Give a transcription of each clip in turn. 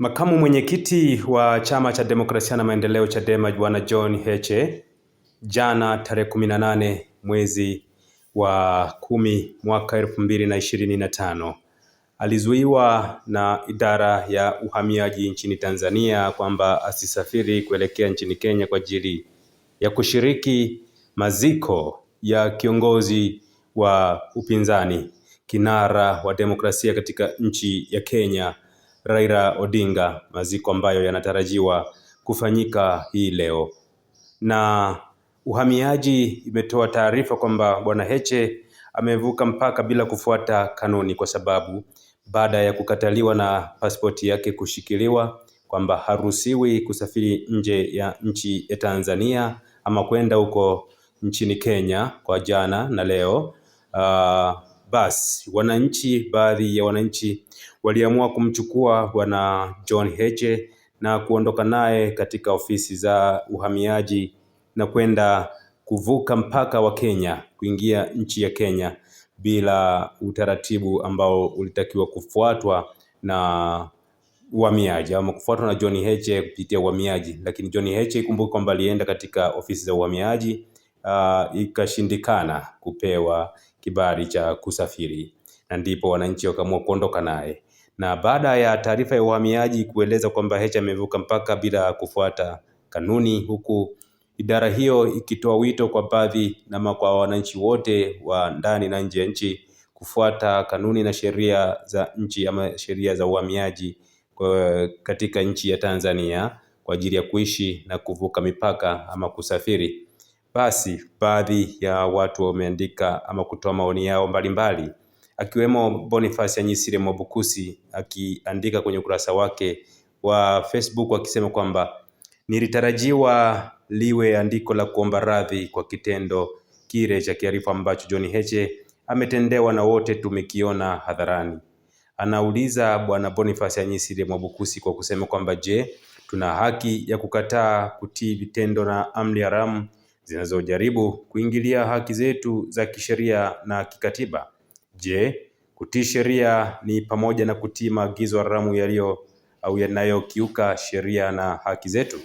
Makamu mwenyekiti wa chama cha demokrasia na maendeleo Chadema Bwana John Heche jana tarehe 18 mwezi wa kumi mwaka elfu mbili na ishirini na tano alizuiwa na idara ya uhamiaji nchini Tanzania kwamba asisafiri kuelekea nchini Kenya kwa ajili ya kushiriki maziko ya kiongozi wa upinzani kinara wa demokrasia katika nchi ya Kenya Raila Odinga, maziko ambayo yanatarajiwa kufanyika hii leo. Na uhamiaji imetoa taarifa kwamba Bwana Heche amevuka mpaka bila kufuata kanuni, kwa sababu baada ya kukataliwa na pasipoti yake kushikiliwa kwamba haruhusiwi kusafiri nje ya nchi ya Tanzania ama kwenda huko nchini Kenya kwa jana na leo. Uh, basi wananchi, baadhi ya wananchi waliamua kumchukua bwana John Heche na kuondoka naye katika ofisi za uhamiaji na kwenda kuvuka mpaka wa Kenya kuingia nchi ya Kenya bila utaratibu ambao ulitakiwa kufuatwa na uhamiaji ama kufuatwa na John Heche kupitia uhamiaji. Lakini John Heche ikumbuka kwamba alienda katika ofisi za uhamiaji uh, ikashindikana kupewa kibali cha kusafiri, na ndipo wananchi wakaamua kuondoka naye na baada ya taarifa ya uhamiaji kueleza kwamba Heche amevuka mpaka bila kufuata kanuni, huku idara hiyo ikitoa wito kwa baadhi na kwa wananchi wote wa ndani na nje ya nchi kufuata kanuni na sheria za nchi ama sheria za uhamiaji katika nchi ya Tanzania kwa ajili ya kuishi na kuvuka mipaka ama kusafiri. Basi baadhi ya watu wameandika ama kutoa maoni yao mbalimbali mbali akiwemo Boniface Anyisire Mwabukusi akiandika kwenye ukurasa wake wa Facebook akisema kwamba nilitarajiwa liwe andiko la kuomba radhi kwa kitendo kile cha kiarifu ambacho John Heche ametendewa na wote tumekiona hadharani. Anauliza bwana Boniface Anyisire Mwabukusi kwa kusema kwamba je, tuna haki ya kukataa kutii vitendo na amri haramu zinazojaribu kuingilia haki zetu za kisheria na kikatiba? Je, kutii sheria ni pamoja na kutii maagizo haramu yaliyo au yanayokiuka sheria na haki zetu?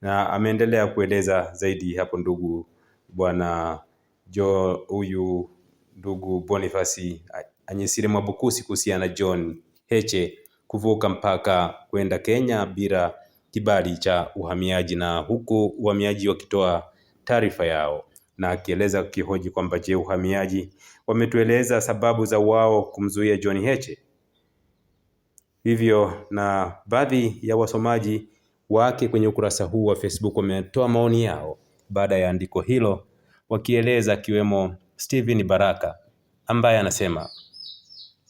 Na ameendelea kueleza zaidi hapo ndugu bwana jo huyu ndugu Bonifasi Anyesire Mwabukusi kuhusiana na John Heche kuvuka mpaka kwenda Kenya bila kibali cha uhamiaji, na huku uhamiaji wakitoa taarifa yao na akieleza kihoji kwamba je, uhamiaji wametueleza sababu za wao kumzuia John Heche. Hivyo na baadhi ya wasomaji wake kwenye ukurasa huu wa Facebook wametoa maoni yao baada ya andiko hilo, wakieleza akiwemo Steven Baraka ambaye anasema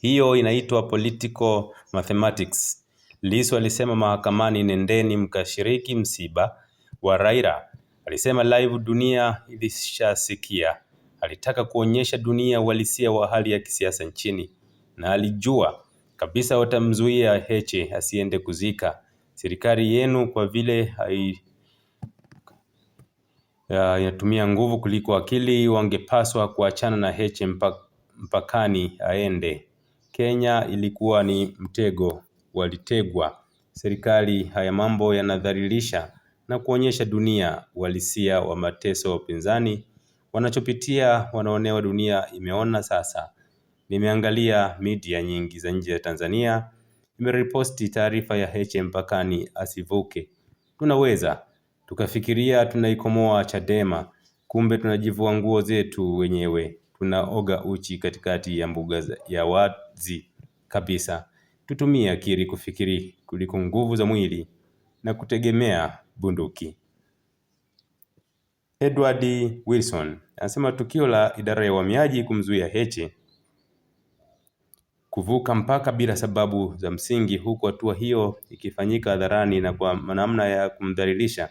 hiyo inaitwa political mathematics. Lissu alisema mahakamani, nendeni mkashiriki msiba wa Raila Alisema live dunia ilishasikia. Alitaka kuonyesha dunia uhalisia wa hali ya kisiasa nchini, na alijua kabisa watamzuia Heche asiende kuzika. Serikali yenu kwa vile hai inatumia nguvu kuliko akili, wangepaswa kuachana na Heche mpakani aende. Kenya ilikuwa ni mtego, walitegwa. Serikali, haya mambo yanadhalilisha na kuonyesha dunia uhalisia wa mateso ya upinzani wanachopitia. Wanaonewa, dunia imeona sasa. Nimeangalia media nyingi za nje ya Tanzania imeriposti taarifa ya Heche mpakani asivuke. Tunaweza tukafikiria tunaikomoa Chadema, kumbe tunajivua nguo zetu wenyewe, tunaoga uchi katikati ya mbuga ya wazi kabisa. Tutumie akili kufikiri kuliko nguvu za mwili na kutegemea bunduki. Edward Wilson anasema tukio la idara ya uhamiaji kumzuia Heche kuvuka mpaka bila sababu za msingi, huku hatua hiyo ikifanyika hadharani na kwa namna ya kumdhalilisha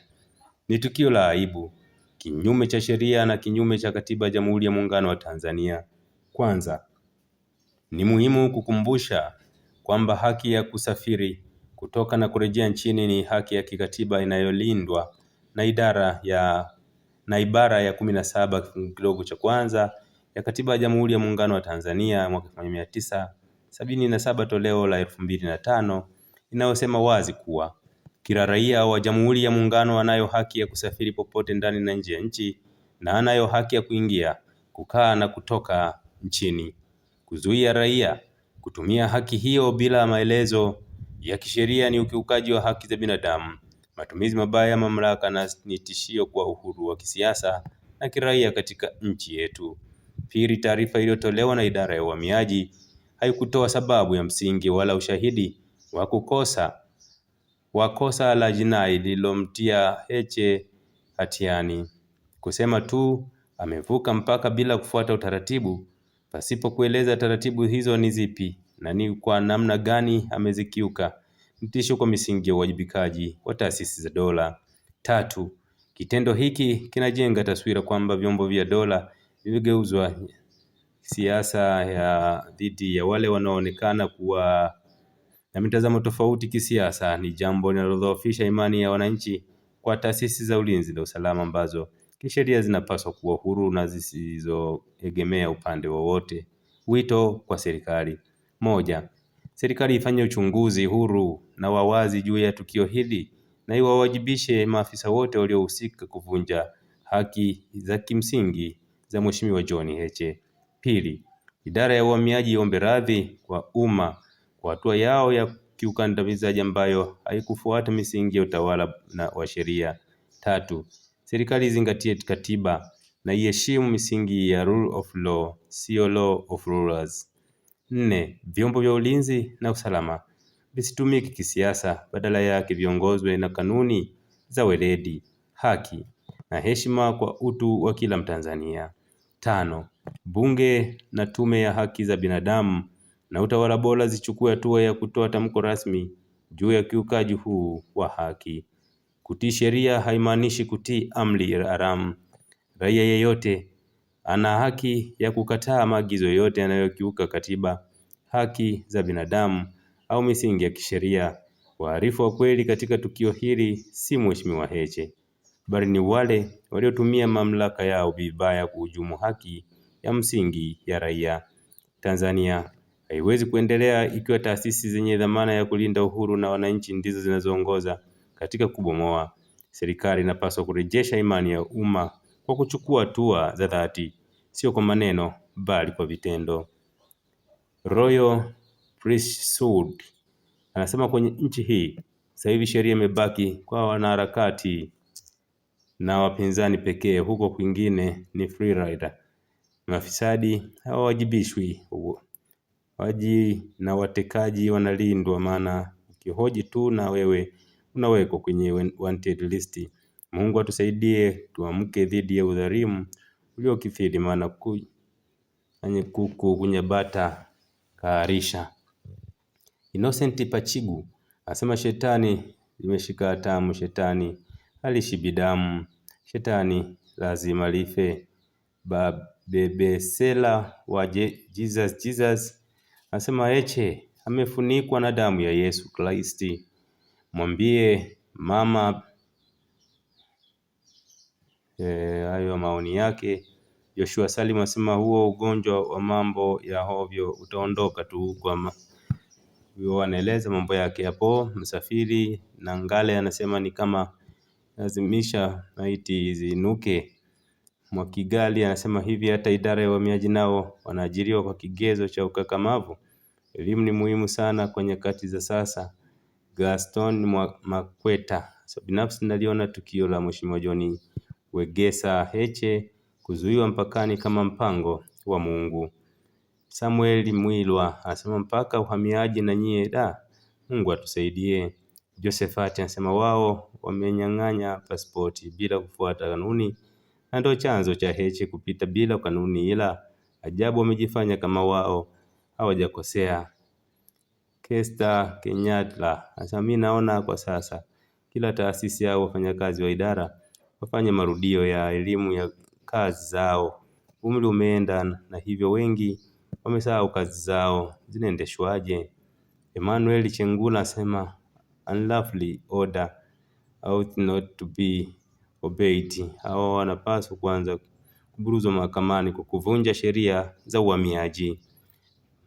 ni tukio la aibu, kinyume cha sheria na kinyume cha katiba ya Jamhuri ya Muungano wa Tanzania. Kwanza ni muhimu kukumbusha kwamba haki ya kusafiri kutoka na kurejea nchini ni haki ya kikatiba inayolindwa na idara ya na ibara ya kumi na saba kidogo cha kwanza ya Katiba ya Jamhuri ya Muungano wa Tanzania mwaka elfu moja mia tisa sabini na saba toleo la elfu mbili na tano inayosema wazi kuwa kila raia wa Jamhuri ya Muungano anayo haki ya kusafiri popote ndani na nje ya nchi na anayo haki ya kuingia, kukaa na kutoka nchini. Kuzuia raia kutumia haki hiyo bila maelezo ya kisheria ni ukiukaji wa haki za binadamu, matumizi mabaya ya mamlaka na ni tishio kwa uhuru wa kisiasa na kiraia katika nchi yetu. Pili, taarifa iliyotolewa na idara ya uhamiaji haikutoa sababu ya msingi wala ushahidi wa kukosa wa kosa la jinai lililomtia Heche hatiani. Kusema tu amevuka mpaka bila kufuata utaratibu pasipo kueleza taratibu hizo ni zipi na ni kwa namna gani amezikiuka. Ni tisho kwa misingi ya uwajibikaji wa taasisi za dola. Tatu, kitendo hiki kinajenga taswira kwamba vyombo vya dola vimegeuzwa siasa ya dhidi ya wale wanaoonekana kuwa na mitazamo tofauti kisiasa. Ni jambo linalodhoofisha imani ya wananchi kwa taasisi za ulinzi na usalama ambazo kisheria zinapaswa kuwa huru na zisizoegemea upande wowote. Wito kwa serikali moja, serikali ifanye uchunguzi huru na wa wazi juu ya tukio hili na iwawajibishe maafisa wote waliohusika kuvunja haki za kimsingi za Mheshimiwa John Heche. Pili, idara ya uhamiaji iombe radhi kwa umma kwa hatua yao ya kiukandamizaji ambayo haikufuata misingi ya utawala na wa sheria. Tatu, serikali izingatie katiba na iheshimu misingi ya rule of law, sio law of rulers. Nne, vyombo vya ulinzi na usalama visitumike kisiasa, badala yake viongozwe na kanuni za weledi, haki na heshima kwa utu wa kila Mtanzania. Tano, Bunge na Tume ya Haki za Binadamu na Utawala Bora zichukue hatua ya kutoa tamko rasmi juu ya ukiukaji huu wa haki. Kutii sheria haimaanishi kutii amri ya haramu. Raia yeyote ana haki ya kukataa maagizo yote yanayokiuka katiba, haki za binadamu au misingi ya kisheria. waarifu wa kweli katika tukio hili si Mheshimiwa Heche, bali ni wale waliotumia mamlaka yao vibaya kuhujumu haki ya msingi ya raia. Tanzania haiwezi kuendelea ikiwa taasisi zenye dhamana ya kulinda uhuru na wananchi ndizo zinazoongoza katika kubomoa. Serikali inapaswa kurejesha imani ya umma kwa kuchukua hatua za dhati, sio kwa maneno bali kwa vitendo. Royal Priesthood anasema kwenye nchi hii sasa hivi sheria imebaki kwa wanaharakati na wapinzani pekee, huko kwingine ni free rider. Mafisadi hawawajibishwi waji na watekaji wanalindwa, maana ukihoji tu na wewe unawekwa kwenye wanted list. Mungu atusaidie tuamke dhidi ya udhalimu uliokithiri, maana kanye kuku kunye bata kaarisha. Innocent Pachigu asema shetani limeshika hatamu, shetani alishibidamu, shetani lazima life. Babebesela wa Je Jesus Jesus asema Heche amefunikwa na damu ya Yesu Kristi. Mwambie mama Eh, hayo maoni yake. Joshua Salim asema huo ugonjwa wa mambo ya hovyo utaondoka tu kwa huyo anaeleza mambo yake hapo. Msafiri na Ngale anasema ni kama lazimisha maiti zinuke. Mwakigali anasema hivi hata idara ya uhamiaji nao wanaajiriwa kwa kigezo cha ukakamavu. Elimu ni muhimu sana kwa nyakati za sasa. Gaston Makweta, so binafsi naliona tukio la Mheshimiwa John Wegesa Heche kuzuiwa mpakani kama mpango wa Mungu. Samuel Mwilwa asema mpaka uhamiaji na nyie da, Mungu atusaidie. Josephat anasema wao wamenyang'anya pasipoti bila kufuata kanuni na ndio chanzo cha Heche kupita bila kanuni, ila ajabu wamejifanya kama wao hawajakosea. Kesta Kenyatla anasema mimi naona kwa sasa kila taasisi au wafanyakazi wa idara wafanye marudio ya elimu ya kazi zao. Umri umeenda na hivyo wengi wamesahau kazi zao zinaendeshwaje. Emmanuel Chengula asema unlawfully order ought not to be obeyed. Hao wanapaswa kuanza kuburuzwa mahakamani kwa kuvunja sheria za uhamiaji.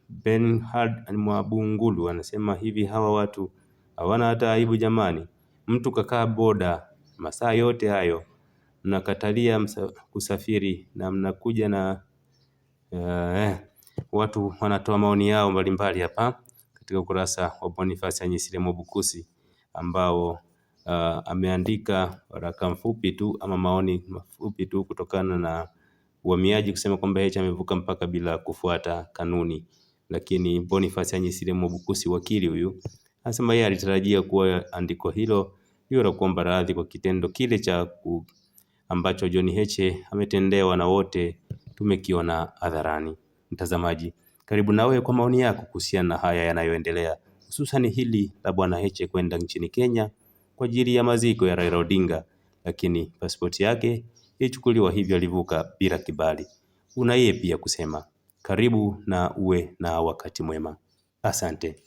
Benhard Mwabungulu anasema hivi, hawa watu hawana hata aibu jamani. Mtu kakaa boda Masaa yote hayo mnakatalia kusafiri na mnakuja na uh, watu wanatoa maoni yao mbalimbali hapa katika ukurasa wa Boniface Anyisire Mwabukusi ambao uh, ameandika waraka mfupi tu ama maoni mafupi tu kutokana na uhamiaji kusema kwamba Heche amevuka mpaka bila kufuata kanuni. Lakini Boniface Anyisire Mwabukusi wakili huyu anasema yeye alitarajia kuwa andiko hilo hilo kuomba radhi kwa kitendo kile cha ambacho John Heche ametendewa na wote tumekiona hadharani. Mtazamaji, karibu nawe kwa maoni yako kuhusiana na haya yanayoendelea, hususani hili la bwana Heche kwenda nchini Kenya kwa ajili ya maziko ya Raila Odinga, lakini pasipoti yake ilichukuliwa hivyo alivuka bila kibali. Una yeye pia kusema. Karibu na uwe na wakati mwema. Asante.